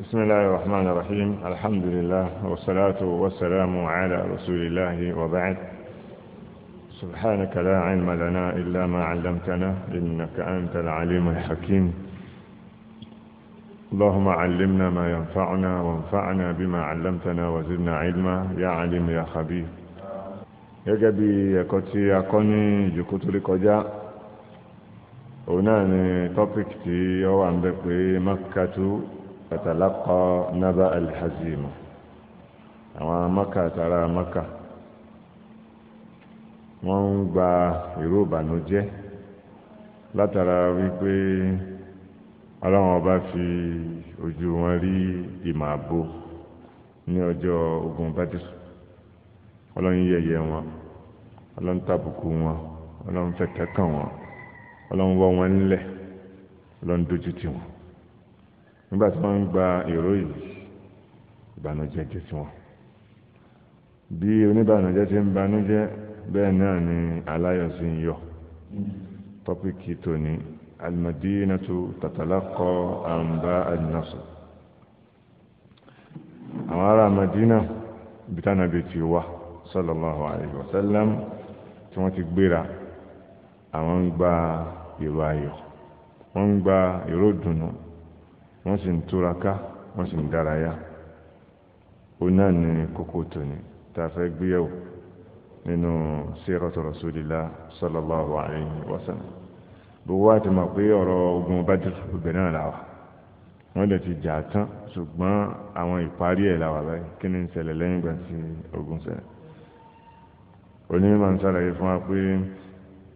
بسم الله الرحمن الرحيم الحمد لله والصلاة والسلام على رسول الله وبعد سبحانك لا علم لنا إلا ما علمتنا إنك أنت العليم الحكيم اللهم علمنا ما ينفعنا وانفعنا بما علمتنا وزدنا علما يا عليم يا خبير يا bí يا tí يا kọ́ ní ìjòkó tó rí kọjá òun náà ni tọ́pìkì tí oun مكة fatalaqqa naba alhazim àwọn maka àtàrà maka wọ́n ń gba ìró ìbànújẹ́ látara wípé ọlọ́run ọba fi ojú wọn rí ìmọ̀ àbò ní ọjọ́ ogun bátìsù ọlọ́run yẹ̀yẹ́ wọn ọlọ́run tàbùkù wọn ọlọ́run fẹ̀kẹ́ kàn wọn ọlọ́run wọ́ wọn nílẹ̀ ọlọ́run dójú tì wọn nígbà tí wọ́n ń gba èrò yìí ìbànújẹ́ dé sí wọn bí oníbànújẹ́ ti ń banújẹ́ bẹ́ẹ̀ náà ni aláyọ̀ sí ń yọ̀ tọ́pìkì tòní almadinatu tatalaqqa anba an-nasr àwọn ará madina bitánàbí ti wá sallallahu alayhi wa sallam tí wọ́n ti gbéra àwọn ń gba èrò ayọ̀ wọ́n ń gba èrò dùnú wọ́n sì ń túraká wọ́n sì ń dárayá ó náà ní kókó tòní tá a fẹ́ gbéyàwó nínú sírọ̀tù rasulillah sallallahu alayhi wa sallam gbogbo wa ti mọ̀ pé ọ̀rọ̀ ogun Badr obìnrin náà làwà wọ́n lè ti jà tán ṣùgbọ́n àwọn ìparí ẹ̀ làwà báyìí kí ni ń ṣẹlẹ̀ lẹ́yìn ìgbà tí ogun ṣẹlẹ̀ onímọ̀ ń ṣàlàyé fún wa pé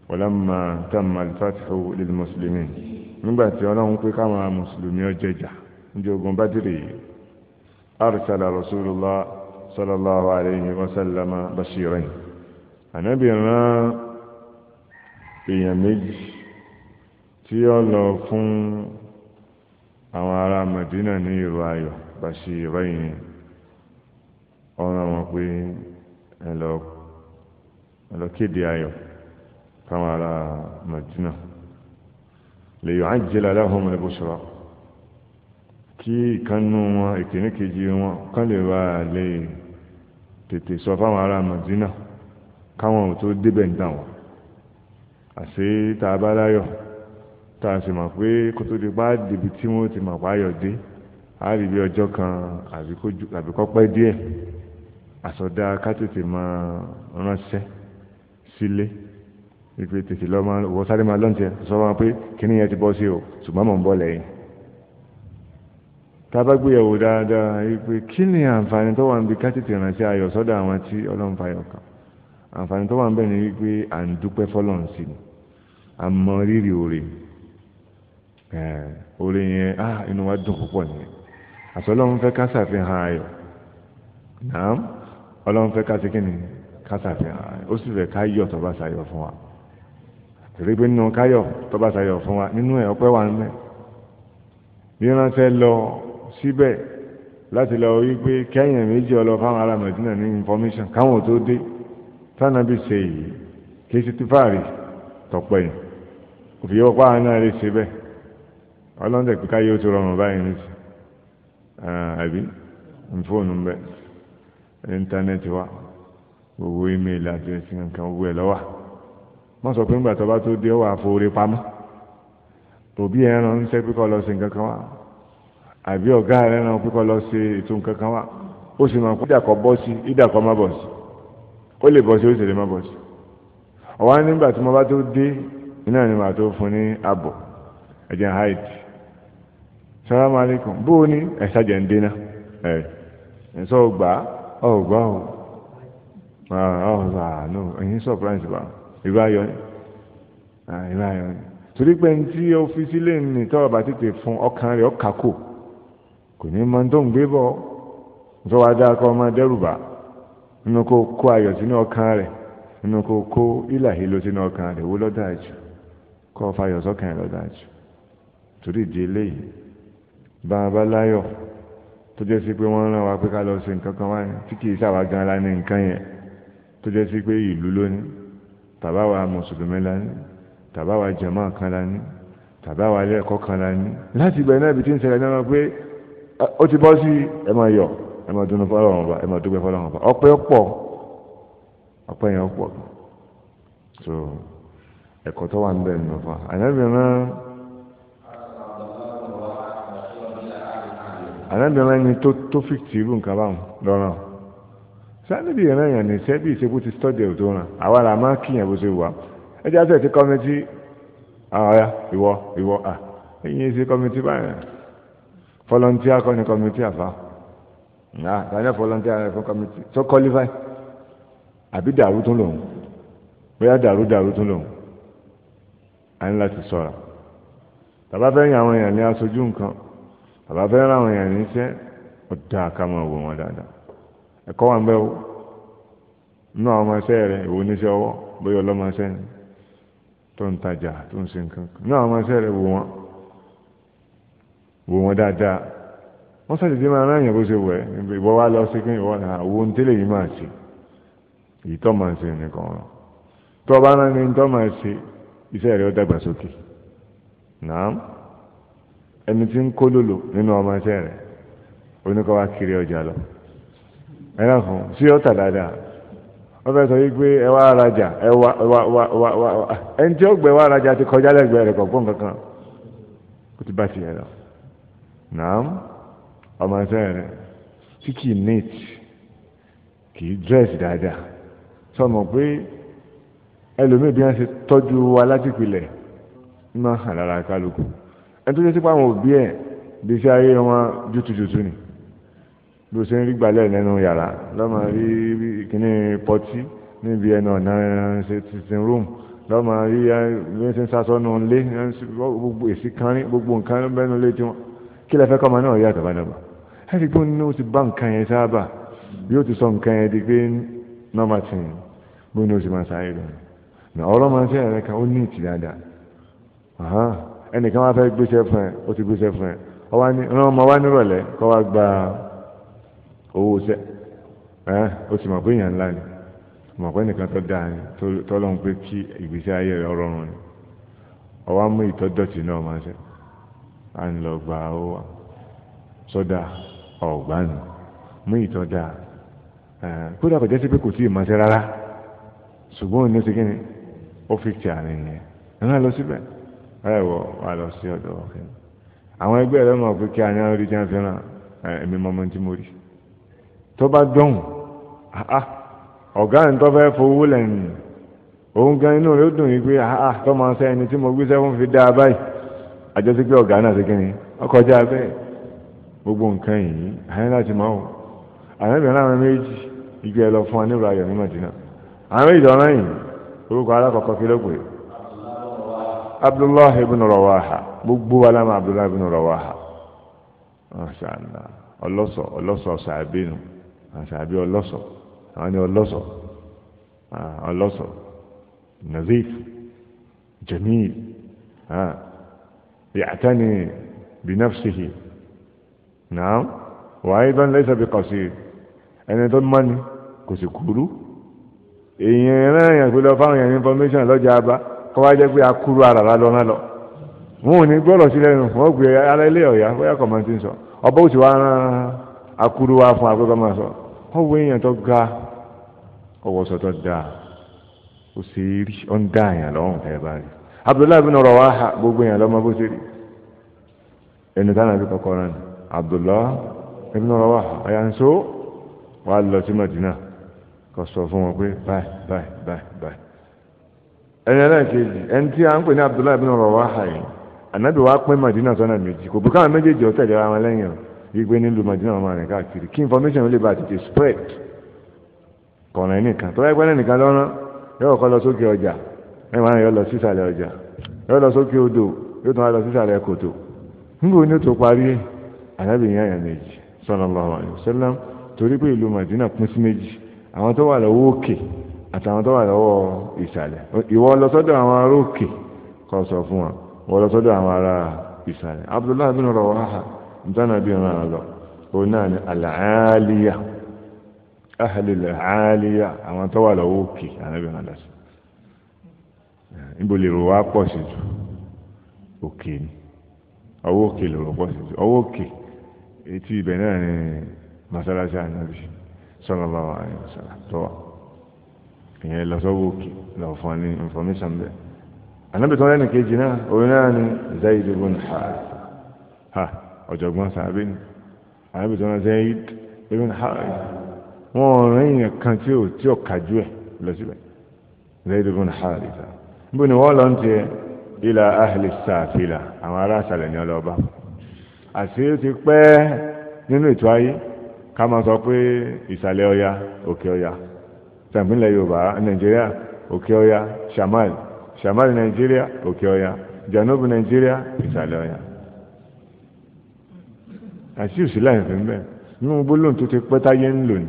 walamma tamma al-fathu lil muslimin. nígbà tí ọlọ́run pé káwọn mùsùlùmí ọjẹjà níjẹ́ ogun bádìrì yìí arsala rasulullah sallallahu alayhi wa sallama bashirain ànábì rán èèyàn méjì tí ó lọ fún àwọn ará Madina ní ìró ayọ̀ bashirain ọ̀rọ̀ wọn pé ẹ lọ kéde ayọ̀ fáwọn ará Madina. liyu'ajjila lahum al-bushra kí ìkannú wọn ìkíní kejì wọn kán lè wà lè tètè sọ fáwọn ará Madina káwọn ò tó débẹ̀ ń dà wọ́n àṣé tá a bá láyọ̀ tá a sì mọ̀ pé kó tó di pa débi tí wọ́n ti mọ̀ páyọ̀ dé a rí bí ọjọ́ kan àbí kó pẹ́ díẹ̀ àsọdá ká tètè máa ránṣẹ́ sílé. Si ìpè tètè lọ máa wọ sáré máa lọ́ntì sọ wọn pé kíní yẹn ti bọ́ sí o ṣùgbọ́n mọ̀ ń bọ̀ lẹ́yìn tá a bá gbéyàwó dáadáa ìpè kí ni àǹfààní tó wà ń bi ká tètè ránṣẹ́ ayọ̀ sọ́dọ̀ àwọn tí ọlọ́run fàyọ̀ kàn àǹfààní tó wà ń bẹ̀ ni wípé à ń dúpẹ́ sí ni à mọ rírì yẹn ah, inú wa dùn púpọ̀ nìyẹn fẹ́ ká ayọ̀ ni ká ayọ̀ ó sì fẹ́ ká torí pé nínú káyọ̀ tó bá ṣàyọ̀ fún wa nínú ẹ̀ ọpẹ́ wà ń bẹ bí wọ́n fẹ́ lọ síbẹ̀ láti lọ rí pé kẹ́yìn méjì ọlọ fáwọn ará mẹ̀dínà ní information káwọn tó dé tánàbí ṣe yìí kí sí tífàárì tọ̀pẹ́ yìí kò fi yọpá náà lè ṣe bẹ́ẹ̀ ọlọ́dẹ̀ pé káyé ó ti rọrùn báyìí ní ti àbí fóònù ń bẹ íńtánẹ́ẹ̀tì wa gbogbo ímeèlì àti ẹ̀sìn nǹkan gbogbo ẹ̀ lọ́wọ́ wọ́n sọ pé ńgbà tó bá tó dé ọwọ́ àfoore pamọ́ òbí ẹran ń sẹ́ pípọ̀ lọ sí nǹkan kan wá àbí ọ̀gá rẹ̀ náà pípọ̀ lọ sí ètò nǹkan kan wá ó sì máa kó ìdàkọ̀ bọ́ sí ìdàkọ̀ má bọ̀ sí ó lè bọ̀ sí ó sì lè má ni màá alaikum bó o ní ń ah, ẹ̀ ìró ayọ̀ ni ah, ìró ayọ̀ ni torí pé ní tí o fi sílé ní tọ́wọ́ bá tètè fún ọkàn rẹ̀ ọkà kò kò ní mọ tó ń gbé bọ̀ nítorí wàá dá akọ ọmọ dẹ́rùbà nínú kó kó ayọ̀ sínú ọkàn rẹ̀ nínú kó kó ìlà ìlò sínú ọkàn rẹ̀ wó lọ́dà jù kọ́ ọ fayọ̀ sọ́kàn rẹ̀ lọ́dà jù torí ìdí eléyìí bá a bá láyọ̀ tó jẹ́ sí pé wọ́n rán wa pé ká lọ ṣe nǹkan kan wáyé tí kì í ṣàwá la ní nǹkan yẹn tó jẹ́ sí pé ìlú lónìí tàbáwa mùsùlùmí lání tàbáwa jàmáà kan lání tàbáwa ilé ẹ̀kọ́ kan lání láti ibẹ̀ náà ibi tí ń ṣẹlẹ̀ náà pé ó ti bọ́ sí ẹ máa yọ̀ ẹ máa dunu fọlọ́run ọba ẹ máa dúpẹ́ fọlọ́run ọba ọpẹ́ pọ̀ ọpẹ́ yẹn pọ̀ so ẹ̀kọ́ tó wà ń bẹ̀ nínú fa àyẹ̀bìnrin ànábìnrin ẹni tó tó fìtì irú nǹkan báwọn lọ́rọ̀ sáníbi ìran èèyàn ní sẹ́bí ìṣebú ti stọ́dì ẹ̀ tó ràn àwa là máa kíyàn bó ṣe wà ẹ jẹ́ àtẹ̀ tí kọ́mẹ́tì ọ̀ya ìwọ ìwọ à ẹ̀yìn ṣe kọ́mẹ́tì báyìí fọlọ́ntíà kọ́ ni kọ́mẹ́tì àfa nà tàní fọlọ́ntíà rẹ̀ fún kọ́mẹ́tì tó kọ́lífàì àbí dàrú tún lòun bóyá dàrú dàrú tún lòun à ń láti sọ̀rọ̀ tàbá fẹ́ yan àwọn èèyàn ní aṣojú nǹkan tàbá fẹ́ ran àwọn èèyàn níṣẹ́ ó dáa ká máa wò wọn dáadáa ẹ̀kọ́ wà ń bẹ́ o nínú àwọn ọmọ ẹsẹ́ rẹ ìwò oníṣẹ́ ọwọ́ bóyá ọlọ́mọ ẹsẹ́ ni tó ń tajà tó ń ṣe nǹkan kan nínú àwọn ọmọ ẹsẹ́ rẹ wò wọ́n wò wọ́n dáadáa wọ́n sàdédé máa rán èèyàn bó ṣe wẹ̀ ìwọ wa lọ sí pé ìwọ àwọn ohun tẹ́lẹ̀ yìí máa ṣe èyí tó máa ṣe nìkan ọ̀rọ̀ tó o bá rán ni tó máa ṣe iṣẹ́ rẹ ó dàgbà sókè nàám ẹni tí ń kó lòlò nínú ọmọ ẹsẹ́ rẹ oníkọ́ wa kiri ọjà lọ ẹ̀rọ kan sí ọ̀tà dáadáa wọ́n fẹ́ sọ wípé ẹ wá arajà ẹ wá wá wá wá wá ẹni tí ó gbẹ wá arajà ti kọjá lẹ́gbẹ̀ẹ́ rẹ̀ kọ̀ọ̀kan kankan ó ti bá ti yẹ lọ nàám ọmọ ẹsẹ̀ rẹ̀ tí kì í neat kì í dress dáadáa sọmọ pé ẹlòmíì bí wọ́n ṣe tọ́jú wa láti pilẹ̀ ń máa hàn lára kálukú ẹni tó jẹ́ sípò àwọn òbí ẹ̀ bí iṣẹ́ ayé wọn jùtùjùtù ni bó ṣe ń rí gbalẹ̀ nínú yàrá lọ́mọ rí kíní pọtí níbi ẹnu ọ̀nà sitting room lọ́mọ rí bí wọ́n ṣe ń sasọ́nù lé gbogbo èsì kan gbogbo nǹkan bẹ́nu lé tiwọn kí lẹ́fẹ́ kọ́ ọmọ náà yàtọ̀ bá dàgbà ẹ̀rí pé ní ó ti bá nǹkan yẹn sábà yóò ti sọ nǹkan yẹn di pé nọ́mbà tì í bó ní ó sì máa sáré lọ nà ọ̀rọ̀ máa ń kan ó ní ìtì dáadáa ẹnìkan wá fẹ́ gbéṣẹ́ fún ẹ ó ti gbéṣẹ́ fún ẹ ọmọ wa nírọ̀lẹ́ kọ́ wa gba owó sẹ́ ẹ́ ó sì mọ̀ pé èèyàn ńlá ni pé nìkan tó dáa ni tọ́lọ́hún pé kí ìgbésí ayé rẹ̀ rọrùn ni ọwọ́ mú ìtọ́dọ̀tì náà máa à ń lọ wa sọ́dà ọ̀gbá mú ìtọ́dà kódà kò jẹ́ sí pé kò tí ì rárá ṣùgbọ́n òní ti kíni ó fi ti àárín yẹn ẹ̀rọ lọ síbẹ̀ ẹ̀rọ ìwọ wà lọ sí ọ̀dọ̀ ọ̀kẹ́ àwọn ẹgbẹ́ a ní àwọn orí jẹ́ fẹ́ràn tó bá dọ̀hùn ọ̀gá ẹ̀ fẹ́ fowó lẹ́yìn òun gan inú rẹ̀ ó dùn yìí pé tó máa sẹ́ ẹni tí mo gbé sẹ́fún fi dá a báyìí àjọsí pé ọ̀gá náà sí kí ni ọkọjá bẹ́ẹ̀ gbogbo nǹkan yìí àyẹ́ láti máa wò àwọn méjì igi lọ fún ayọ̀ ní Madina àwọn méjì yìí orúkọ alákọ̀ọ́kọ́ Abdullahi gbogbo wa lámà Abdullahi ibn Rawaha àṣàbí ọlọ́sọ̀ àwọn ni ọlọ́sọ̀ ọlọ́sọ̀ nazif jamil yàtani binafsihi naam wàá ibà laysa biqasir ẹni tó mọ́ni kò sì kúrú èèyàn náà yàn pé lọ fáwọn èèyàn information lọ́jà abá kọ́ wá jẹ́ pé akúrú ara rà lọ́nà lọ wọn ò ní gbọ́dọ̀ sílẹ̀ nù wọ́n gbé ara ilé ọ̀yà bóyá kọ̀mọ́ntì ń sọ ọba ó sì rán akúrú wá fún akókò máa sọ ọwọ́ èèyàn tó ga ọwọ́sọ tó dáa ó sì rí ó ń dá èèyàn lọ́rùn ẹ̀ bá rí Abdullahi bin Rawaha gbogbo èèyàn lọ́mọ bó ṣe rí ẹni táwọn àbí kọ́kọ́ rán ni Abdullahi bin Rawaha ọ̀yà ń so wàá lọ sí Madina kò sọ fún wọn pé báyìí báyìí báyìí báyìí ẹni ẹlẹ́ẹ̀kejì ẹni tí a ń pè ní Abdullahi bin Rawaha yìí ànábì wàá pín Madina sọ́nà méjì kò bùkún àwọn méjèèjì ọ̀tẹ̀lẹ̀ ara wọn lẹ́yìn o. wípé nílùú madina ọmọ rẹ̀ káàkiri kí information lè bá tètè spread kọ̀ọ̀nà ẹnìkan tó ẹgbẹ́ ẹnìkan lọ́nà yóò kọ́ lọ sókè ọjà ẹ̀wọ̀n náà lọ ọjà yóò lọ sókè odò yóò tún wá lọ sísàlẹ̀ kòtò ni tó parí arábìnrin àyà méjì torí pé ìlú madina pín sí méjì àwọn tó wà lọ́wọ́ òkè àtàwọn tó wà lọ́wọ́ ìsàlẹ̀ ìwọ lọ sọ́dọ̀ àwọn ará òkè sọ fún ìwọ lọ sọ́dọ̀ àwọn ntọ́nà bí ọ̀ràn àlọ́ òun náà ni àlàáliya ahàlìlẹ̀ àlàáliya àwọn tó wà lọ́wọ́ òkè ànábì ọ̀ràn lọ́sí níbo lè rò wá pọ̀ sí jù òkè ni ọwọ́ òkè lè rò pọ̀ sí jù ọwọ́ òkè etí ibẹ̀ náà ni masalasi ànábì sallallahu alaihi wasallam tó wà ìyẹn lọ sọ́wọ́ òkè lọ fún ọ information bẹ́ẹ̀ ànábì tó lẹ́nu kejì náà òun náà ni Zaid ibn Haritha ọ̀jọ̀gbọ́n sàbẹ̀ ni àbẹ̀bẹ̀ tó ń sẹ́ yìí ebi ń ha wọn ò rìn yẹn kan tí ò tí ò kájú ẹ̀ lọ síbẹ̀ zayd ibn haritha níbo ni wọ́n lọ ń tiẹ̀ ila ahli sàfilà àwọn ará àṣàlẹ̀ ni ọlọ́ba àti ó ti pẹ́ nínú ètò ayé ká máa sọ pé ìsàlẹ̀ ọya òkè ọya tàbílẹ̀ yorùbá nàìjíríà òkè ọya shamal shamal nàìjíríà òkè ọya janubu nàìjíríà ìsàlẹ̀ ọya àti òsì láìsí ń bẹ nínú gbólóhùn tó ti pẹ́ táyé ń lò ní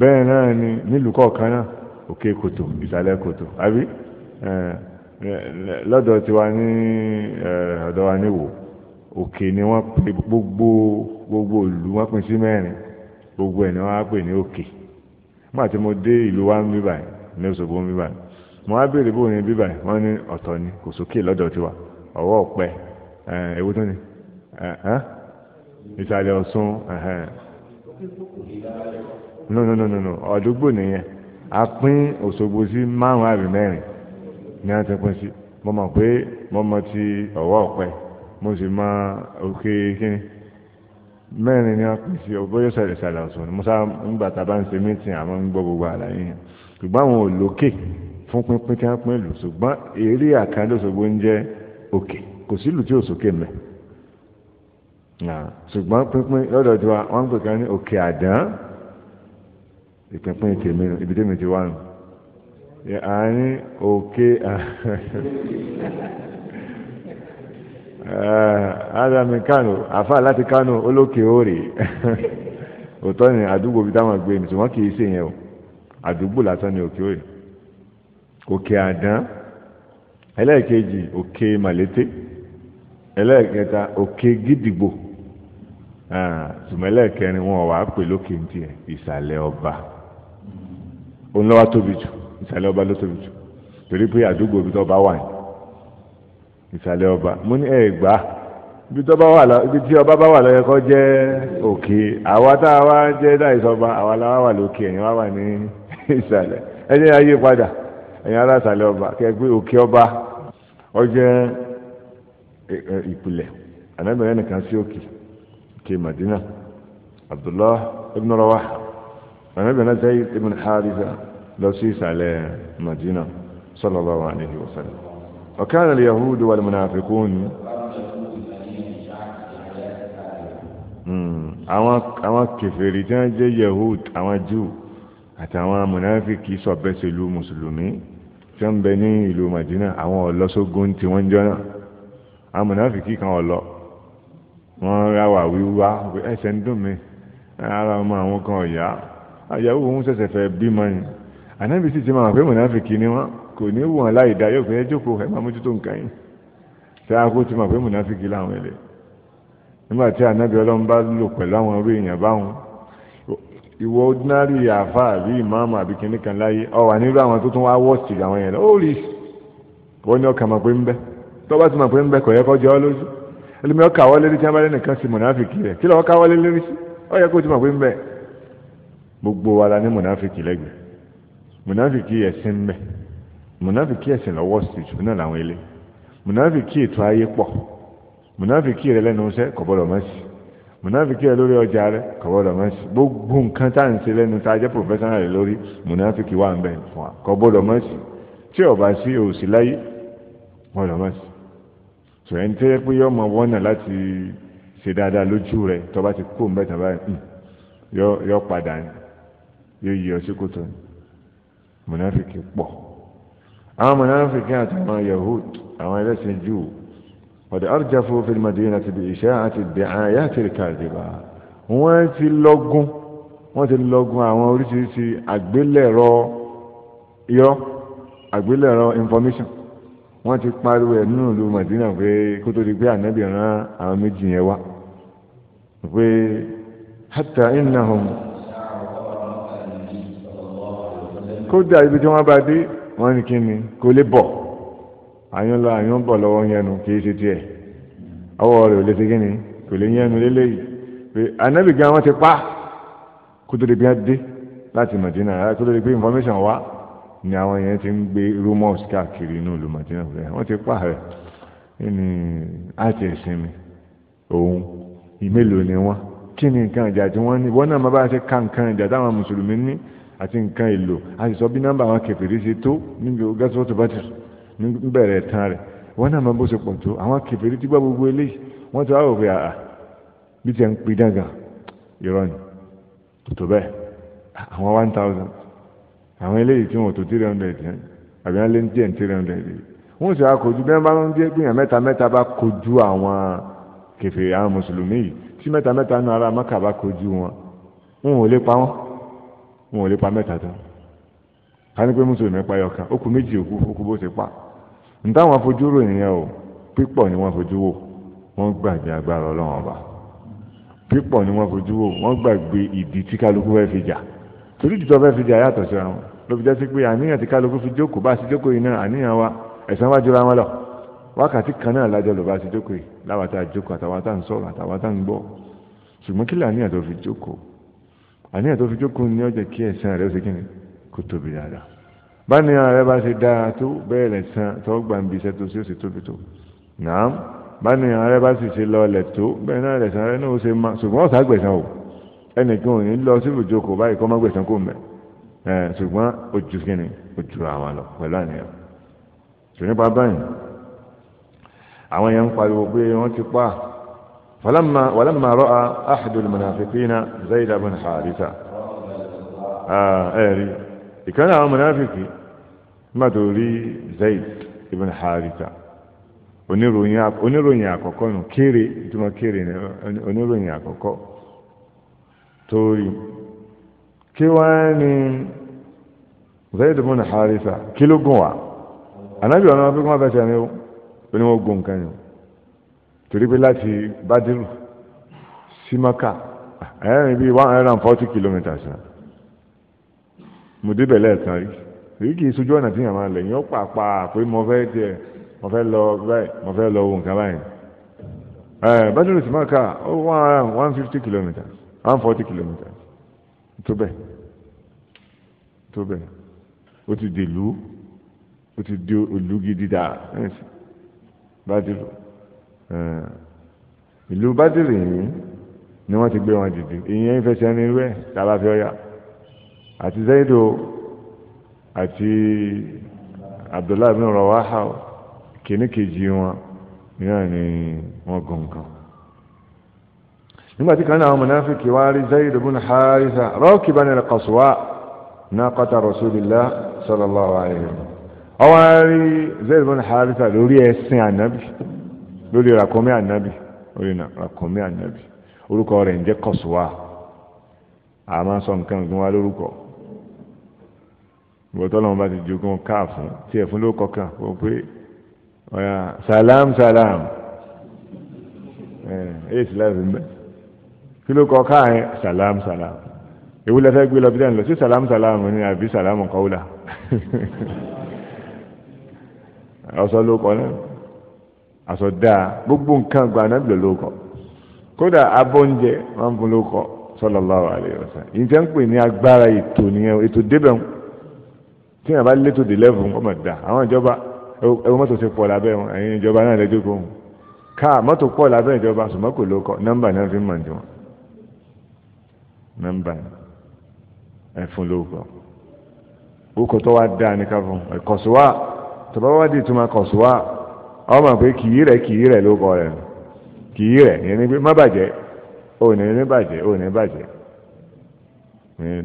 bẹ́ẹ̀ náà ni nílùú kọ̀ọ̀kan náà òkè kòtò ìsàlẹ̀ kòtò àbí lọ́dọ̀ tiwa ní ọ̀dọ̀ wa níwò òkè ni wọ́n pè gbogbo gbogbo ìlú wọ́n pín sí mẹ́rin gbogbo ẹ̀ ni wọ́n á pè ní òkè nígbà tí mo dé ìlú wa ń bíbà ní Òṣogbo ń bíbà mo á béèrè bóun ní bíbà wọ́n ní ọ̀tọ̀ ni kò sókè lọ́dọ̀ tiwa ọ̀wọ́ ọ̀pẹ ewu tó ni ìsàlẹ̀ ọ̀ṣun no no no no no ọ̀dúgbò nìyẹn a pín òṣogbo sí márùn àbí mẹ́rin ní wọ́n ti pín sí mo mọ̀ pé mo mọ̀ ti ọ̀wọ́ ọ̀pẹ mo sì mọ òkè kíni mẹ́rin ni wọ́n pín sí ọgbọ́n yóò sọ̀rọ̀ ìsàlẹ̀ ọ̀ṣun ni mo sá tá a bá ń ṣe mítìn àmọ́ ń gbọ́ gbogbo àlàyé yẹn ṣùgbọ́n àwọn òlókè fún pínpín tí wọ́n pín lù ṣùgbọ́n èrè àkàndòṣogbo ń jẹ́ òkè kò sí lù tí òṣòkè mẹ́ ṣùgbọ́n pínpín lọ́dọ̀ tí wa wọ́n ń pè kan ní òkè àdán ìpínpín tèmi nù ibi tèmi ti wà nù àárín òkè ádámì kánò àfà láti kánò olókè òòrè òtọ́ ni àdúgbò bí táwọn gbé ni ṣùgbọ́n kì í ṣe yẹn o àdúgbò lásán ni òkè òòrè òkè àdán ẹlẹ́ẹ̀kejì òkè màlété. ẹlẹ́ẹ̀kẹta òkè gídìgbò tùmẹ̀lẹ́ẹ̀kẹrin wọn wàá pè lókè ní tiẹ̀ ìsàlẹ̀ ọba òun tóbi jù ìsàlẹ̀ ọba ló tóbi jù torí pé àdúgbò ibi tó bá wà ní ìsàlẹ̀ ọba mo ní ẹ̀ ibi tí ọba bá wà jẹ́ òkè àwa tá a wá jẹ́ dáìsọba àwa la wá wà lókè ẹ̀yin wá wà ní ìsàlẹ̀ ayé ìpìlẹ̀ anábìrin nìkan sí òkè ke madina abdullah ibn rawaha anábìrin náà zayd ibn haritha lọ sí ìsàlẹ̀ madina sallallahu alayhi wa sallam ọ̀kan al yahudu wal munafiqun hmm, àwọn kèfèrí tí wọ́n jẹ́ yahud àwọn jew àtàwọn munafiki sọ̀bẹ́sẹ̀lú mùsùlùmí tí wọ́n bẹ ní ìlú madina àwọn ọlọ́sógún tí wọ́n jọ náà amúnáfìkì kan ọ̀lọ́ wọ́n ra wà wíwá ẹsẹ̀ ń dùn mí ara ọmọ àwọn kan ọ̀yá àyàwó òun ṣẹ̀ṣẹ̀ fẹ́ bímọ yìí ànábì sì ti máa pé mùnáfìkì ni wọ́n kò ní wọ̀n láì dá yóò fẹ́ jókòó ẹ̀ máa mójútó nǹkan yìí tí a kó ti máa pé mùnáfìkì láwọn ẹlẹ́ nígbà tí ànábì ọlọ́run bá lò pẹ̀lú àwọn orí èèyàn báwọn ìwọ ordinary àfa àbí ìmáàmù àbí kìnnìkan láyé ọ wà nílò àwọn tó tún wá wọ́ọ̀sì àwọn yẹn lọ ó rí wọ́n ní ọkàn máa pé ń bẹ́ẹ̀ tọ́ba ti mọ̀ pé ń bẹ kọ̀ yẹ kọjá ọ lójú ẹlẹ́mi ọkà wọlé ní tíyánbá lẹ́nìkan sí mọ̀náfìkì rẹ̀ kí lọ́wọ́ ká wọlé lórí sí ọ yẹ kó ti mọ̀ pé ń bẹ gbogbo wa la ní mọ̀náfìkì lẹ́gbẹ̀ẹ́ mọ̀náfìkì ẹ̀sìn ń bẹ mọ̀náfìkì ẹ̀sìn lọ́wọ́ sí ìṣúná náà làwọn ilé mọ̀náfìkì ètò ayé pọ̀ mọ̀náfìkì rẹ̀ lẹ́nu iṣẹ́ kò gbọ́dọ̀ mọ́ sí mọ̀náfìkì rẹ̀ lórí ọjà rẹ̀ kò gbọ́dọ̀ sí gbogbo nǹkan tá à ń ṣe lẹ́nu tá a jẹ́ professional rẹ̀ lórí tó ẹni tó yẹ pé yọ ọmọ wọnà láti ṣe dáadáa lójú rẹ tó bá ti kó mbẹ tàbá yọ padà yóò yí ọsí kòtò mùnáfìkì pọ̀ àwọn mùnáfìkì àti àwọn yahood àwọn ẹlẹ́sìn jù ọdẹ arjafu fil madinati bi isha'ati ad-da'ayati al-kadhiba wọ́n ti lọgún wọ́n ti lọgún àwọn oríṣiríṣi àgbélẹ̀rọ irọ́ àgbélẹ̀rọ information wọ́n ti pariwo ẹ̀ nínú ìlú Madina pé kó tó di pé ànábì rán àwọn méjì yẹn wá pé hatta innahum kódà ibi tí wọ́n bá dé wọ́n ní kí ni kó lè bọ̀ àyún lọ àyún bọ̀ lọ́wọ́ yẹnu kì í ṣe tiẹ̀ ọwọ́ rẹ̀ ò lè ṣe kí ni kò lè yẹnu lélẹ́yìí pé ànábì gan wọ́n ti pa kó di pé wọ́n dé láti Madina kó di pé information wá ni àwọn èèyàn ti ń gbé rumors káàkiri inú ìlú Madina pé wọ́n ti pààrẹ̀ ní àti ìsinmi òun ìmélòó ni wọ́n kí ni nǹkan ìjà tí wọ́n ní wọ́n náà máa bá ṣe ka nǹkan ìjà táwọn mùsùlùmí ní àti nǹkan èlò a sì sọ bí nọ́mbà àwọn kèfèrí ṣe tó níbi gásíwọ́ tó bá ti bẹ̀rẹ̀ tán rẹ̀ wọ́n náà máa bó ṣe pọ̀ tó àwọn kèfèrí ti gbọ́ gbogbo eléyìí wọ́n ti wá rò pé àà bí ti ẹ̀ ń pin dangan ìrọ̀ ni tó bẹ́ẹ̀ àwọn one thousand àwọn eléyìí tí wọn ò tó three hundred yẹn eh? àbí wọn lé ní díẹ̀ ní three hundred yìí wọn sì á kojú bí wọn bá ń dé gbìyàn mẹ́ta mẹ́ta bá kojú àwọn kèfèrí àwọn mùsùlùmí yìí tí mẹ́ta mẹ́ta nu ara mọ́kà bá kojú wọn wọn ò lè pa wọn wọn ò lè pa mẹ́ta tán ká ní pé mùsùlùmí pa yọkan ó kù méjì òkú òkú bó ti pa ntàwọn afojú ròyìn yẹn o pípọ̀ ni wọ́n fojú wò wọ́n gbàgbé agbára ọlọ́run ọba pípọ̀ ni wọ́n fojú wò wọ́n gbàgbé ìdí tí kálukú fẹ́ fi jà torí ìdí tó fẹ́ fi jà yàtọ̀ síra wọn ló fi jásí pé àníyàn tí kálukú fi jókòó bá sí jókòó yìí náà àníyàn wa ẹ̀san wá jura wọn lọ wákàtí kan náà lájọ ló bá sí jókòó yìí láwa tá a jókòó àtàwa tá à ń sọ̀rọ̀ àtàwa tá à ń gbọ́ ṣùgbọ́n kí làníyàn tó fi jókòó àníyàn tó fi jókòó ni ó jẹ́ kí ẹ̀san rẹ̀ ó ṣe kí ni kó tóbi dáadáa bá ní ara rẹ bá ṣe dáa tó bẹ́ẹ̀ lẹ̀ san tó gbà ń bi iṣẹ́ tó sí ó sì tóbi tó nàám bá ní ara rẹ bá sì ṣe lọlẹ̀ tó bẹ́ẹ̀ náà lẹ̀ san rẹ náà ó ṣe má ṣùgbọ́n ọ̀sà gbẹ̀san o ẹnìkan ò ní lọ sí ibùjókòó báyìí kọ́ má gbẹ̀san kó mẹ́ẹ̀ ṣùgbọ́n ojú kíni ojú àwọn lọ pẹ̀lú àníyàn tò nípa báyìí àwọn èèyàn ń pariwo pé wọ́n ti pa walamma ra'a ahadul munafiqina zayd ibn haritha ẹ̀rí ìkànnì àwọn munafiki nígbà zayd ibn harita oníròyìn àkọ́kọ́ nù kéré ìtumọ̀ kéré oníròyìn àkọ́kọ́ tó tori. kí wọ́n ní Zaid ibn Haritha kí ló gùn wá ànábì ọ̀nà wọn pé kí wọ́n fẹsẹ̀ ní ó ní wọ́n gùn nǹkan yẹn torí pé láti Badiru sí Maka ẹ̀rìn bíi one hundred and forty kilometres náà mo débẹ̀ lẹ́ẹ̀kan rí èyí kì í sojú ọ̀nà tí yàn máa lẹ̀ yàn pàápàá pé mo fẹ́ tiẹ̀ mo fẹ́ lọ báyìí mo fẹ́ lọ wo nǹkan báyìí ẹ̀ Badiru sí Maka ó one hundred and one fifty kilometres one forty kilometres tó bẹ́ẹ̀ tó bẹ̀ ó ti dèlú ó ti di òlú gidi dà bátìrì ìlú bátìrì yìí ni wọ́n ti gbé wọn dìde ìyẹn fẹsẹ̀ ní irú ẹ̀ tàbá fi ọ̀yà àti zayido àti abdullahi bin rawaha kìíní kejì wọn náà ni wọ́n gọ̀ǹkan nígbàtí kan náà mọ̀náfíkì wá rí zayido bin harisa rọ́ọ̀kì bá nílẹ̀ kọ̀sùwà. ناقة رسول الله صلى الله عليه وسلم ọwọ́ rí Zayd bin Haritha lórí ẹṣin ànábì lórí ràkúnmí ànábì lórí ràkúnmí ànábì orúkọ rẹ̀ ń jẹ́ Qaswa a máa sọ nǹkan ọ̀gbìn wa lórúkọ ìbọ̀tọ́ lọ́wọ́ bá ti jogún káà fún tí ẹ̀fún ló kọkàn ó pé ọ̀yà salam salam ẹ̀ ẹ̀ èyí ti láti mẹ́ kí ló kọ káà yẹn salam salam ewu lẹ́fẹ́ gbé lọ bí dẹ́nu lọ sí sàlámù sàlámù ní àbí sàlámù kọ́wùlà ọ̀sọ́ ló kọ́ náà àsọ dáa gbogbo nǹkan gba náà lò ló kọ́ kódà abọ́njẹ máa ń fún ló kọ́ sallallahu alaihi wasallam yìí tẹ́ ń pè ní agbára ètò nìyẹn ètò débẹ̀ ń tí yàrá bá létò dé lẹ́fù ọmọ dà àwọn ìjọba ẹwọ mọ́tò ti pọ̀ lábẹ́ wọn ẹ̀yin ìjọba náà lẹ́jọ́ kó wọn káà mọ́tò pọ̀ lábẹ́ ìjọba ṣùgbọ́n ló kọ́ nọ́mbà náà fi mọ̀ ní wọn nọ́mbà náà. ẹ̀fún lórúkọ orúkọ tó wá dáa ní káfọ́n ẹ̀kọ́sùwà tọ́ba di ìtumọ̀ kọ̀sùwà ọmọ pé kìí rẹ̀ kìí rẹ̀ lórúkọ rẹ̀ kìí rẹ̀ yẹn ni pé má bàjẹ́ òní ní bàjẹ́ òní bàjẹ́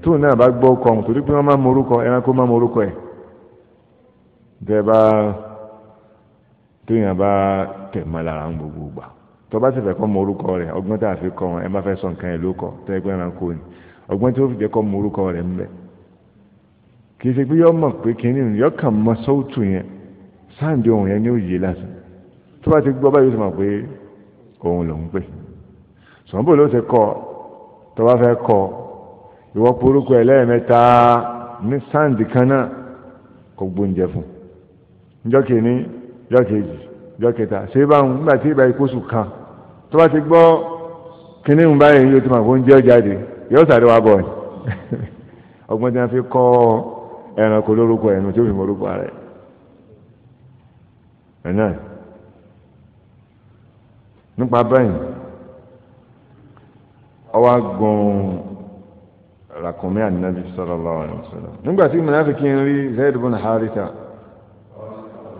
tóun náà bá gbọ́ kọ́ torí pé wọ́n máa morúkọ ẹranko máa morúkọ ẹ̀ tẹ́ bá bá tẹ̀ ń gbogbo gbà sì fẹ́ kọ́ morúkọ rẹ̀ ọgbọ́n a ẹ ọgbọ́n tí ó fi jẹ́ kọ́ mú orúkọ rẹ̀ ń bẹ̀ kì í ṣe pé yọ mọ̀ pé kínní yọ kàn mọ sọ́ọ̀tù yẹn sáǹdì ohun yẹn ní òye lásán tó bá ti gbọ́ báyìí ó sì pé òun lòún pè sọ̀nbó ló ti kọ́ tó bá fẹ́ kọ́ ìwọ porúkọ ẹ̀ ní sáǹdì kan náà kò gbóúnjẹ fún njọ́ kìíní jọ́ kejì jọ́ kẹta ṣé báwọn nígbà tí ìgbà ikú sùn kan tó bá ti gbọ́ kínní ń báyìí yóò ti mọ̀ pé jáde yóò sáré wá bọ̀ ni ọgbọ́n tí wọ́n fi kọ́ ẹranko lórúkọ ẹ̀nu tí ó fi mọ orúkọ rẹ̀ ẹ̀nà nípa bẹ́ẹ̀ ọwọ́ gun ràkùnmí ànábi sallallahu alaihi wasallam nígbà tí mùnáfíkí ń rí Zaid ibn Haritha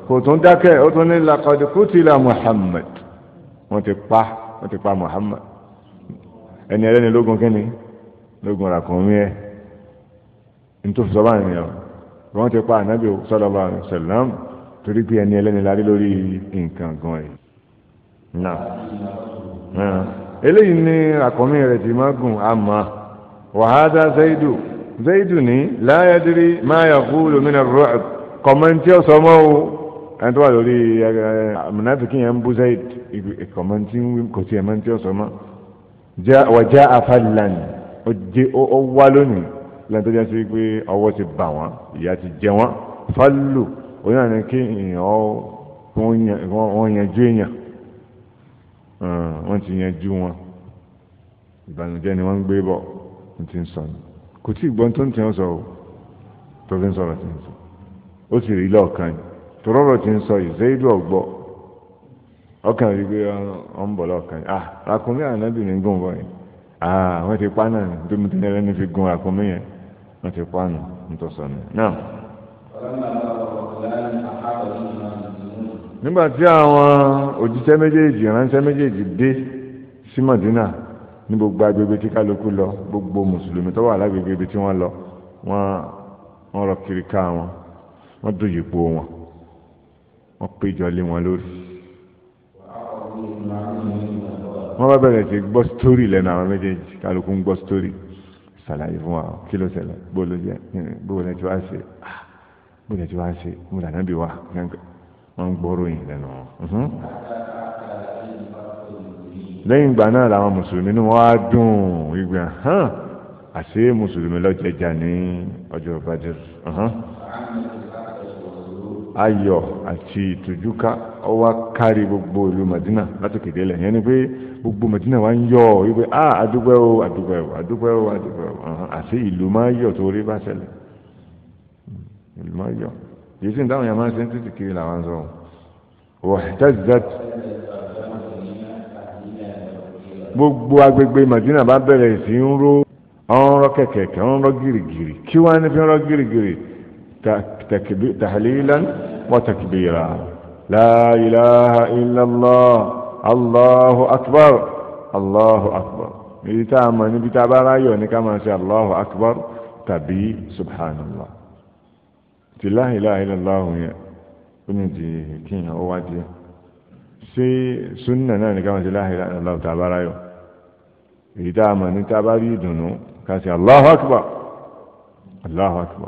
kò tún dákẹ́ ó tún ní laqad qutila Muhammad wọ́n ti pa wọ́n ti pa Muhammad ẹni ẹlẹ́ni lógún kínní lógun ràkùnmí ẹ nítorí sọ́bà nìyẹn wọ́n ti pa ànábì sallallahu alaihi wasallam torí pé ẹni ẹlẹ́ni la rí lórí nǹkan gan ẹ̀ náà eléyìí ni ràkùnmí rẹ̀ ti máa gùn àmọ́ wàhádà zaidu zaidu ní la yadri ma yaqulu min ar-ru'b kọ̀mẹ́ntì ọ̀sọ́ mọ́ o ẹni tó wà lórí mùnàfíkì yẹn ń bú zaid kọ̀mẹ́ntì kò tiẹ̀ mẹ́ntì ọ̀sọ́ mọ́ wọ́n já afálàní ó jẹ ó wá lónìí lẹ́yìn tó jẹ́ sí pé ọwọ́ ti bà wọ́n ìyà ti jẹ wọ́n fálù oní àná kí èèyàn wọ́n yanjú èèyàn wọ́n ti yanjú wọn ìbànújẹ́ ni wọ́n ń gbé bọ̀ ní ti ń sọ ni kò tí ì gbọ́n tó ń tẹ́ ọ sọ o tó fi ń sọ̀rọ̀ ti ń sọ ó sì rí lọ́ọ̀kan tòrọ̀rọ̀ ti ń sọ ìzẹ́ìlú ọ̀gbọ́ ọkàn rí pé ọ ń bọ̀ lọ́ọ̀kan ah ràkúnmí ànábìnrin gbọ̀n bọ̀ àwọn ah, ti pa náà tó mú tẹ́lẹ̀ lẹ́nu fi gun àkómi yẹn wọ́n ti pa nù nítòsọ̀nù náà. nígbà tí àwọn òjíṣẹ́ méjèèjì ránṣẹ́ méjèèjì dé sí Mọ̀dínà ní gbogbo agbègbè tí kálukú lọ gbogbo mùsùlùmí tó wà lágbègbè ibi tí wọ́n lọ wọ́n rọ kiri ká wọn wọ́n dòyìpọ̀ wọn wọ́n péjọ lé wọn lórí. wọ́n bá bẹ̀rẹ̀ sí gbọ́ sítórì lẹ́nu àwọn méjèèjì kálukú ń gbọ́ sítórì ṣàlàyé fún wa kí ló ṣẹlẹ̀ bó ló jẹ́ hmm, bó lè ti wá ṣe ah, bó lè ti wá ṣe mo dàná bí wa wọ́n ń gbọ́rọ̀ yìí lẹ́nu wọn. Hmm. lẹ́yìn ìgbà náà làwọn mùsùlùmí ni wọ́n á dùn ìgbà àṣé mùsùlùmí lọ́jẹ̀jà ní ọjọ́ bàdìr. Hmm ayọ̀ àti ìtòjúká ó wá kárí gbogbo ìlú Madina látòkè délẹ̀ yẹn ni pé gbogbo Madina wá ń yọ̀ ọ́ wípé a àdúgbò o àdúgbò o àdúgbò o àdúgbò o àti ìlú máa yọ̀ torí bá ṣẹlẹ̀ hmm, ìlú máa yọ̀ yìí sì ń dáhùn yẹn máa ń ṣe ń tètè kiri làwọn sọ wọ́n tẹ́tẹ́tẹ́ gbogbo agbègbè Madina bá bẹ̀rẹ̀ sí ń ró ọ̀n rọ́ kẹ̀kẹ̀kẹ̀ ọ̀n rọ́ gìrìgìrì kí wọ́n á ní fi ń rọ́ gìrìgìrì تحليلا وتكبيرا لا إله إلا الله الله أكبر الله أكبر إذا تأمن بتابع رأيوني كما شاء الله أكبر تبي سبحان الله لا إله إلا الله ونجي كين أواجه سي سنة ناني كما شاء الله إله إلا الله تابع رأيو إذا تأمن بتابع رأيوني كما شاء الله أكبر الله أكبر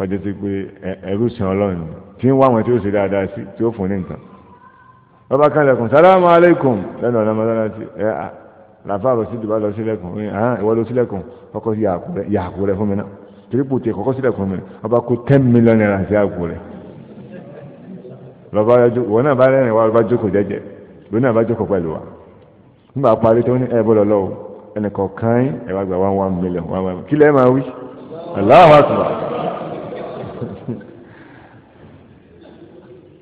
kọjá sí pé ẹrú sin ọlọ́run tí ń wá àwọn tí ó ṣe dáadáa sí tí ó fún ní nǹkan ọba kan lẹ̀kùn sálámù aláìkùm lẹ́nu ọ̀nà mọ́sálásí ẹ làfáà lọ sí ìdìbò lọ sílẹ̀kùn ìwọ lọ sílẹ̀kùn kọ́kọ́ sí yàgò rẹ fún mi náà tìrìpù tiẹ̀ kọ́kọ́ sílẹ̀kùn mi ọba kó ten million naira sí àgò rẹ lọ́ba ìwọ náà bá rẹ́rìn wá lọ́ba jókòó jẹ́jẹ́ lónìí àbá jókòó pẹ̀lú wa nígbà parí tó ní ẹ bọ́lọ̀ lọ́wọ́ ẹnìkọ̀ọ̀kan ẹ wá gba one one million one one kí lẹ́ẹ̀ máa wí aláwọ̀ àtùbà.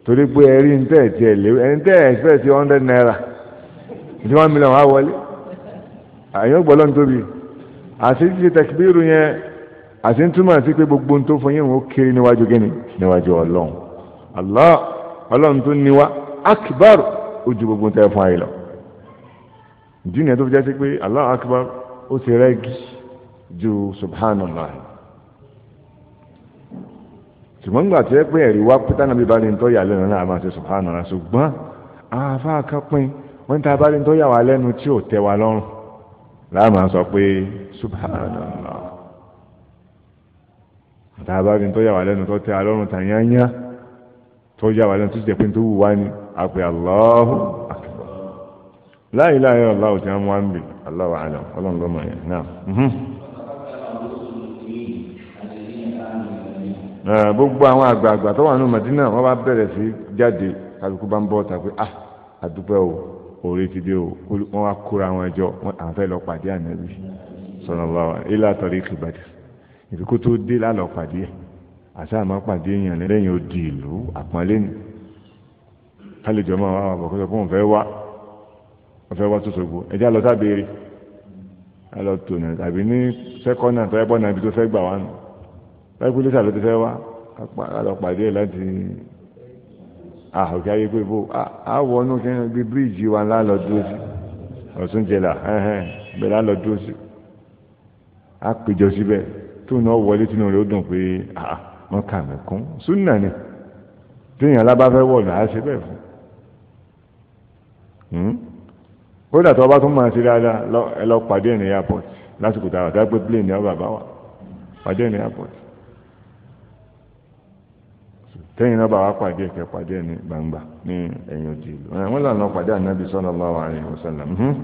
torí pé ẹrí ń tẹ̀ tiẹ̀ léwu ẹni tẹ̀ expect hundred naira tí one million wá wọlé àyàn gbọ́ lọ́n tóbi àti ṣíṣe tẹkibíru yẹn àti ń túmọ̀ sí pé gbogbo ń tó fún yín ó kéré níwájú gíní níwájú ọlọ́run Allah ọlọ́run tó níwá akbar ojú gbogbo ń tẹ́ fún ayé lọ ìdí nìyẹn tó fi jẹ́ sí pé Allah akbar ó ti rẹ́gí ju subhanallah ṣùgbọ́n nígbà tó yẹ pé ẹ̀rí wá pété ànábì bá lè ń tọ́yà lẹ́nu náà máa ṣe sùhánà rà ṣùgbọ́n àáfà kápín wọ́n ta bá lè ń tọ́yà wá lẹ́nu tí ò tẹ́ wa lọ́rùn láà máa sọ pé subhanallah ta bá lè ń tọ́yà wá lẹ́nu tó tẹ́ wa lọ́rùn tàyányá tọ́yà wá lẹ́nu tó jẹ́ pé tó wù wá ni àpè Allahu akbar la ilaha illallah tí wọ́n mú wá ń bì Allahu a'lam ọlọ́run ló yẹn náà. Eh, gbogbo àwọn àgbààgbà tó wà nínú Madina wọ́n bá bẹ̀rẹ̀ sí jáde kálukú bá ń bọ́ ta pé ah àdúpẹ́ o òòrè ti dé o wọ́n wá kóra àwọn ẹjọ́ àwọn fẹ́ lọ pàdé ànábì sallallahu ilà tọ̀rí kìbàdì ìfikú tó dé lálọ́ pàdé ẹ̀ àti àmọ́ pàdé èèyàn lẹ́yìn odi ìlú àpọ́nlé ni kálíjọ́ máa wá wàbọ̀ kóso fún òfẹ́ wá òfẹ́ wá tó sògbó ẹjẹ́ àlọ́ sábẹ́rẹ́ àlọ́ tòun àbí ní sẹ́kọ́nà tó ẹgbọ́n náà ibi tó fẹ́ gbà wá nù pẹ́ẹ́kú lẹ́sà ló ti fẹ́ wá alọ́pàdé ẹ̀ láti àhùkẹ́ ayé pé bó àwọ̀ inú kí bí bíríìjì wa ńlá lọ dúró sí ọ̀tún jẹlà bẹ̀rẹ̀ lọ dúró sí a péjọ síbẹ̀ tó náà wọlé tínú rẹ̀ ó dùn pé wọ́n kà mí kún súnà ni téèyàn alábáfẹ́ wọ̀ náà á ṣe bẹ́ẹ̀ fún hmm? ó dàtọ̀ ọba tó máa ṣe dáadáa ẹ lọ pàdé ẹ̀ ní airport lásìkò tààrà dápẹ́ plane ní ọ bàbá wa pàdé ẹ̀ ní airport tẹ́yìn náà bá wá pàdé ẹ̀kẹ́ pàdé ní gbangba ní ẹ̀yìn òdì ìlú wọ́n lànà pàdé ànábì sallallahu alaihi wasallam hmm?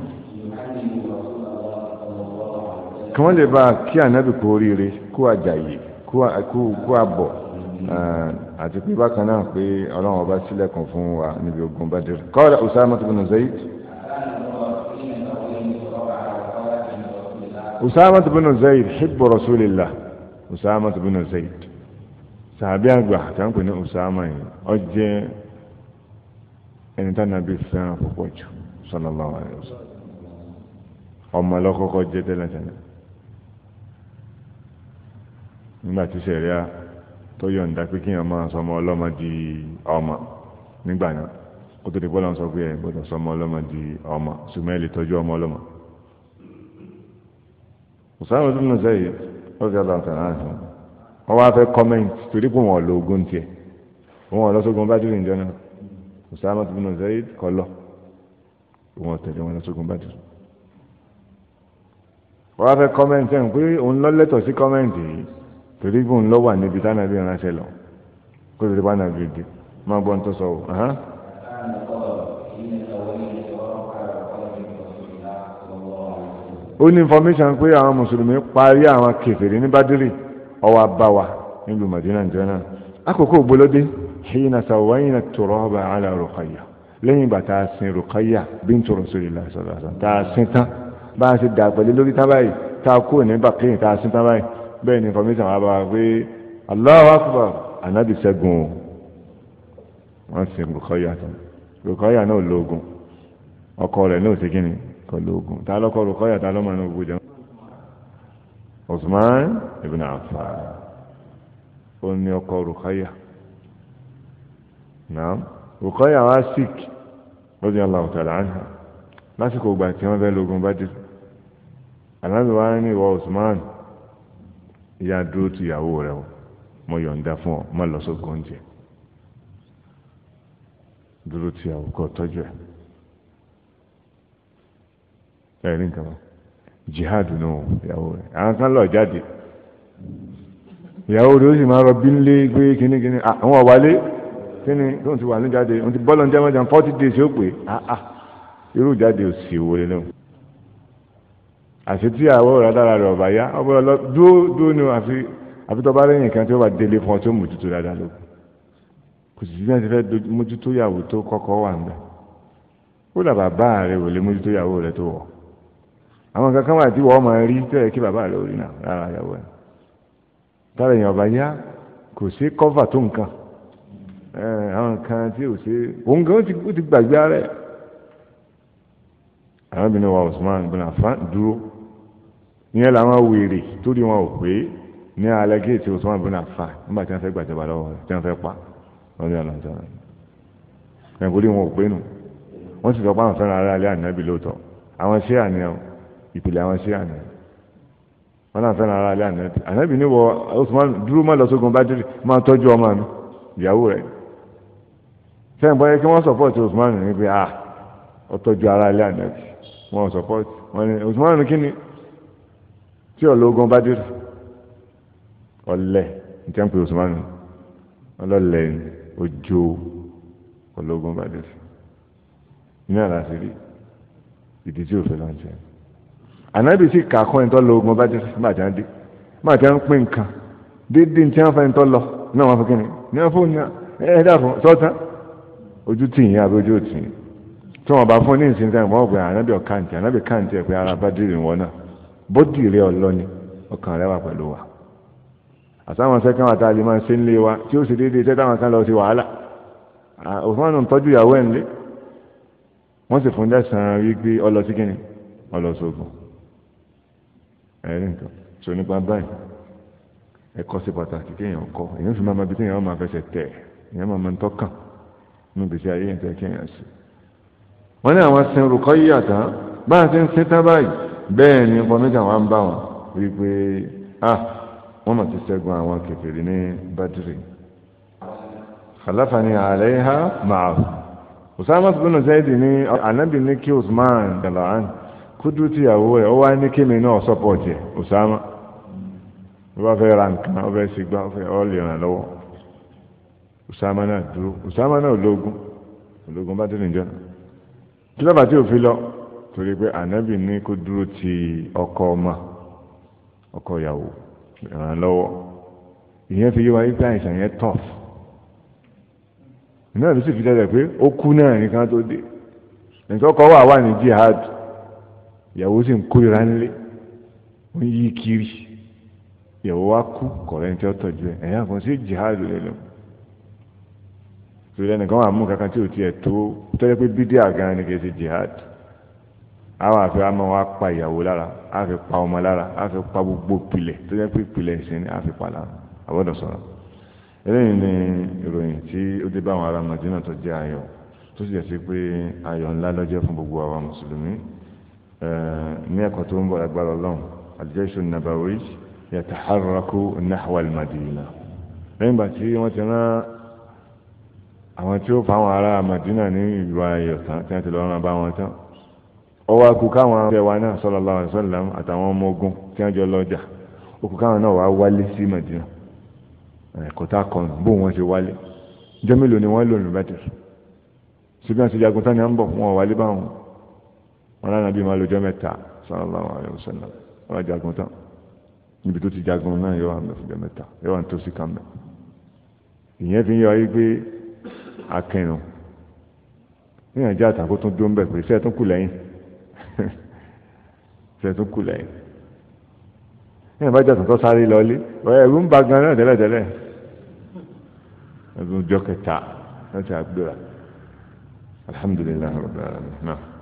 kí wọ́n lè bá kí ànábì kú oríire kú àjàyè kú àbọ̀ àti pé bákan náà pé ọlọ́run ọba sílẹ̀kùn fún wa níbi ogun Badr qala Usama ibn Zayd Usama ibn Zayd hibbu rasulillah Usama ibn Zayd sàbí àgbà táǹkù ní Usama yìí ọ jẹ́ ẹni tánàbí fẹ́ràn púpọ̀ jù sallallahu alaihi wasallam ọmọ lọ́kọ́kọ́ jẹ́ tẹ́lẹ̀tẹ́lẹ̀ nígbà tí sẹ̀ríà tó yọ̀ǹda pé kí èèyàn sọmọ ọlọ́mọ di ọmọ nígbà náà ó tó di bọ́lá ń sọ pé ẹ̀ gbọ́dọ̀ sọmọ ọlọ́mọ di ọmọ Usama sẹ́yìn ó wọ́n wá fẹ́ comment torí pé wọ́n lo ogun tiẹ̀ wọ́n lọ sógun bájúrì ìjọ náà Usama bin Zaid kọ́ lọ wọ́n tẹ̀lé wọn lọ sógun bájúrì wọ́n wá fẹ́ comment ẹ̀ ń pé òun lọ lẹ́tọ̀ sí comment yìí torí pé òun lọ wà níbi tánàbí ránṣẹ́ lọ kó lè wà nàbí dé máa gbọ́n tó sọ ọ́ ó ní information pé àwọn mùsùlùmí parí àwọn kèfèrí ní bádìrì ọwọ́ abáwa nílùú Madina jẹ́nà akókò gbolódé hina sàwáyìn turaba ala Ruqayya lẹ́yìn ìgbà tá a sin Ruqayya bintu Rasulillah sallallahu alaihi wasallam tá a sin tán bá a ti dà pẹ̀lú lórí tábàyì tá a kúrò ní bàkẹ́yìn tá a sin tábàyì bẹ́ẹ̀ ni information wa bá wa pé Allahu akbar anabi sẹ́gun wọ́n sin Ruqayya tán Ruqayya náà lóògùn ọkọ rẹ̀ náà ò kíni kọ lóògùn tá a lọ́kọ Ruqayya lọ́mọ náà Usman ibn Affan ó ní ọkọ Rukhaya naam Rukhaya wa sikh radiyallahu ta'ala anha lásìkò ìgbà tí wọ́n fẹ́ lógun Badr aláàbí wa ní ìwọ Usman ìyá dúró ti ìyàwó rẹ o mo yọ̀ǹda fún ọ má lọ sógun oúnjẹ dúró ti ìyàwó tọ́jú jihad nù ìyàwó rẹ̀ àwọn lọ jáde ìyàwó rẹ̀ ó sì máa rọ bí nílé gbé kíní kíní àwọn ọ̀wálé kíní tó ń ti wà ní jáde ń ti bọ́lọ̀ ń jẹ́ mọ́jà forty days ó pè áá irú jáde ò sì wọlé náà àṣetí àwọ̀ rẹ̀ dára rẹ̀ ọ̀bà yá ọ̀bọ̀ lọ dúró dúró ní àfi àfitọ́ba lẹ́yìn kan tí ó bá délé fún ọ tó mú tutù dáadáa lóko kò sì sí náà ti fẹ́ mójútó ìyàwó tó kọ́kọ́ wà ń bẹ̀ ó dàbà bá rẹ̀ wọlé mójútó ìyàwó rẹ̀ tó wọ̀ àwọn nǹkan kan wà tí wọ́n máa rí tó yẹ kí bàbá rẹ̀ orí náà rárá ìyàwó ẹ̀ tára èèyàn bá yá kò sí kọ́fà tó nǹkan àwọn nǹkan tí ò sí òun gan ó ti gbàgbé ara ẹ̀ arábìnrin wa Usman bin Affan dúró ìyẹn làwọn wèrè torí wọn ò pé ní alẹ́ géètì Usman bin Affan nígbà tí wọ́n fẹ́ gbàjọba lọ́wọ́ tí wọ́n fẹ́ pa wọ́n ní ọ̀nà ìjọba ẹ̀ kò rí wọn ò pé nù wọ́n sì sọ pé àwọn fẹ́ràn ara alẹ́ ànábì ìpìlẹ̀ àwọn ṣíà ni wọn náà fẹ́ràn ara alẹ́ ànábì ànábì ní wọ Usman dúró má lọ sógun Badiri máa tọ́jú ọmọ mi ìyàwó rẹ̀ sẹ́yìn bọ́yẹ kí wọ́n sọ̀pọ̀tì Usman ní pé ah ó tọ́jú ara alẹ́ ànábì wọ́n sọ̀pọ̀tì wọ́n ní Usman kí ni tí ọ̀lọ́gùn Badiri ọ̀lẹ́ nítorí pé Usman ọlọ́lẹ̀ ojú ọ̀lọ́gùn Badiri iná àlàáfíà ìdí tí òfin náà jẹ́ ànábì sì kà kún ẹ̀ńtọ́ lọ ogun bá jẹ́ sísè máa jẹ́ dé máa jẹ́ ń pín nǹkan dédé ní tí wọ́n fẹ́ ẹ̀ńtọ́ lọ náà wọ́n fẹ́ kí ni ní wọ́n fún ẹ̀ ẹ̀ dàpọ̀ sọ́tàn ojú tì yín àbí ojú ò tì yín tí wọ́n bá fún ní ìsìn tí wọ́n gbé ànábì ọ̀kàǹtì ànábì kàǹtì ẹ̀ pé ara bá dìrì wọn náà bódì rẹ ọlọ́ni ọkàn rẹ wà pẹ̀lú wa àtàwọn sẹ́kàn àti àlè máa ń ṣe ń lé wa tí ó sì dédé iṣẹ́ táwọn kan lọ sí wàhálà òfin ọ̀nà tọ́jú ìyàwó ẹ̀ ń lé wọ́n sì fún dẹ́sàn-án wípé ọlọ́sí kínní ọlọ́sọ̀gbọ̀n ẹ̀rí nǹkan sọ nípa báyìí ẹ̀kọ́ sí pàtàkì kéèyàn kọ́ èyàn fi máa ma bí téèyàn máa fẹsẹ̀ tẹ̀ èyàn máa ma ń tọ́kàn nínú gbèsè ayé yẹn tẹ́ kéèyàn sí. wọ́n ní àwọn sin orúkọ yìí àtá bá a ti ń sin tán báyìí bẹ́ẹ̀ ni wa ń bá wọn rí i pé ah wọ́n ti ṣẹ́gun àwọn kèfèrí ní bátìrì. Usama ní anábì ní kí Usman dàlọ́ àná kúdú tí ìyàwó rẹ̀ o ní kíni náà sọ́pọ̀tì ẹ̀ Usama ló fẹ́ ra nǹkan ó fẹ́ gbá ó fẹ́ ọ́ lè náà dúró náà ológun bá délé tí o fi lọ torí pé ànábì ní ti ọkọ ọmọ ọkọ ìyẹn fi yé wa yẹn sì fi pé ó kú náà nìkan tó dé nǹkan ọkọ wà wà ní jihad ìyàwó sì ń kórira ńlé ó ń yí kiri ìyàwó wa kú kọ̀rẹ́ ní tí ó tọ́jú ẹ̀ ẹ̀yà kan sí jihadu lẹ́lẹ̀ sọ̀rọ̀ ẹnìkan wà mú kankan tí ò tiẹ̀ tó tọ́jú pé bídí àgàn ni kì ṣe jihad àwọn àfi àmọ́ wa pa ìyàwó lára àfi pa ọmọ lára àfi pa gbogbo pilẹ̀ tọ́jú pé pilẹ̀ ìsìn ni àfi pa lára àbọ̀dọ̀ sọ̀rọ̀ eléyìí ni ìròyìn tí ó dé bá àwọn ará Madina tó jẹ́ ayọ̀ tó sì jẹ́ sí pé ayọ̀ ńlá lọ́jọ́ fún gbogbo àwa mùsùlùmí Eh, ní ẹ̀kọ́ tó ń bọ̀ agbára ọlọ́run al-Jaysh an-Nabawi yataharraku nahwa al-Madina lẹ́yìn ìgbà tí wọ́n ti rán àwọn tí ó fa àwọn ará Madina ní ìlú ayọ̀ tán tí wọ́n ti lọ́ọ́ rán bá wọn tán ọwọ́ akú káwọn ọ̀rẹ́ wa náà sallallahu alaihi wasallam àtàwọn ọmọ ogun tí wọ́n jọ lọ́jà okùn káwọn náà wá wálé sí Madina ẹ̀kọ́ eh, tá bó wọn ṣe wálé jẹ́ mélòó ni wọ́n lò ní bàtẹ́rù ṣùgbọ́n àti jagun tán ni à bọ̀ wọn ò wọn lánàá bí máa lọ́jọ́ mẹ́ta sallallahu alaihi wasallam wọn jagun tán níbi tó ti jagun náà yọ àmì fúnjọ mẹ́ta yọ àwọn tó sì kàn mẹ ìyẹn fi ń yọ ayé pé akẹrùn níyàn jẹ àtàkó tó dó ń bẹ pé iṣẹ́ tó kù lẹ́yìn iṣẹ́ tó kù lẹ́yìn níyàn bá jàtàn tó sáré lọlé ẹrú ń ba gan náà tẹ́lẹ̀tẹ́lẹ̀ ẹdun ọjọ́ kẹta láti àgbéra alhamdulilayi rabbil alamin náà.